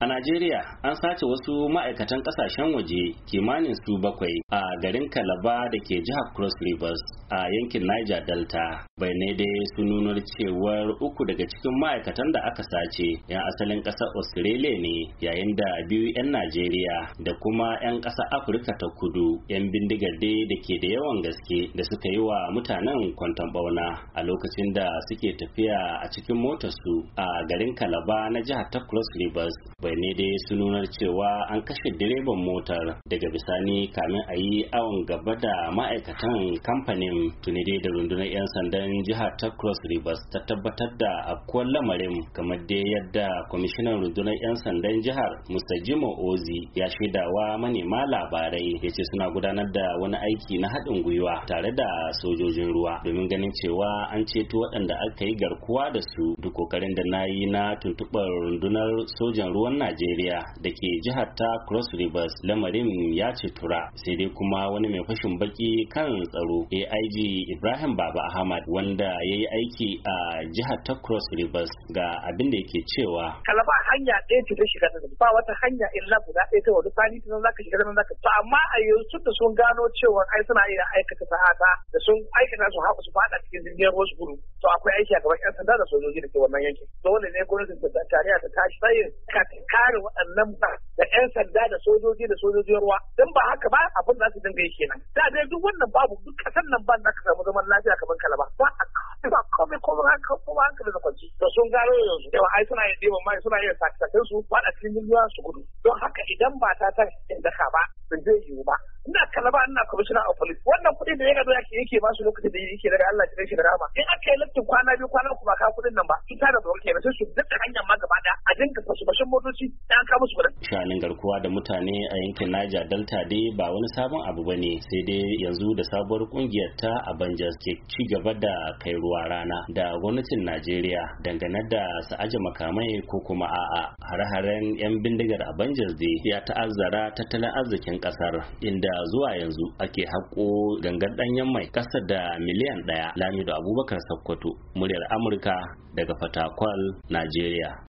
and Najeriya an sace wasu ma'aikatan kasashen waje kimanin su bakwai a garin Kalaba da ke jihar Cross Rivers a yankin Niger Delta. Bai ne dai su nunar cewar uku daga cikin ma'aikatan da aka sace 'yan asalin ƙasar Australia ne yayin da biyu 'yan Najeriya da kuma 'yan ƙasar Afirka ta kudu 'yan bindigar dai da ke da yawan gaske da suka yi wa mutanen kwanton bauna a lokacin da suke tafiya a cikin su a garin Kalaba na jihar ta Cross Rivers. Bai ne ne dai su nunar cewa an kashe direban motar daga bisani kamin a yi awon gaba da ma'aikatan kamfanin tuni dai da rundunar 'yan sandan jihar ta cross rivers ta tabbatar da afkuwar lamarin kamar dai yadda kwamishinan rundunar 'yan sandan jihar musa jimo ozi ya shaidawa manema labarai ya ce suna gudanar da wani aiki na haɗin gwiwa tare da sojojin ruwa domin ganin cewa an ceto waɗanda aka yi garkuwa da su duk kokarin da na yi na tuntuɓar rundunar sojan ruwan najeriya Najeriya da ke jihar ta Cross Rivers lamarin ya ce tura sai dai kuma wani mai fashin baki kan tsaro AIG Ibrahim Baba Ahmad wanda ya yi aiki a jihar ta Cross Rivers ga abin da yake cewa. Kalaba hanya ɗaya ce ta shiga ta ba wata hanya illa guda ɗaya ta wani sani ta zaka shiga ta zaka to amma a yanzu da sun gano cewa ai suna iya aikata sa'ata da sun aikata su haƙu su faɗa cikin jirgin ruwa su gudu to akwai aiki a gaban 'yan sanda da sojoji da ke wannan yankin dole ne gwamnatin tarayya ta tsayin kare waɗannan ba da 'yan sanda da sojoji da sojoji ruwa don ba haka ba abin za su dinga yi kenan da dai duk wannan babu duk kasan nan ban na ka samu zaman lafiya kamar kalaba ba a ba kome kome haka kuma haka da kwanci da sun gano yanzu yawa ai suna yin ɗiban mai suna yin sakasakin su ba da cikin miliyoyin su gudu don haka idan ba ta ta daka ba ba zai yiwu ba ina kalaba ina commissioner of police wannan kuɗin da ya gado yake yake ba su lokacin da yake daga Allah ya shi da rama in aka yi lattin kwana biyu kwana uku ba ka kuɗin nan ba ita da ba kenan sai su duka hanyar ma dinga fashe-fashen motoci da an kawo su Shanin garkuwa da mutane a yankin Niger Delta dai ba wani sabon abu ba ne sai dai yanzu da sabuwar kungiyar ta banjar ke ci gaba da kai ruwa rana da gwamnatin Najeriya dangane da su aje makamai ko kuma a'a hare-haren 'yan bindigar Avengers dai ya ta'azzara tattalin arzikin kasar inda zuwa yanzu ake haƙo gangar ɗanyen mai ƙasa da miliyan ɗaya Lamido Abubakar Sokoto muryar Amurka daga Fatakwal, Najeriya.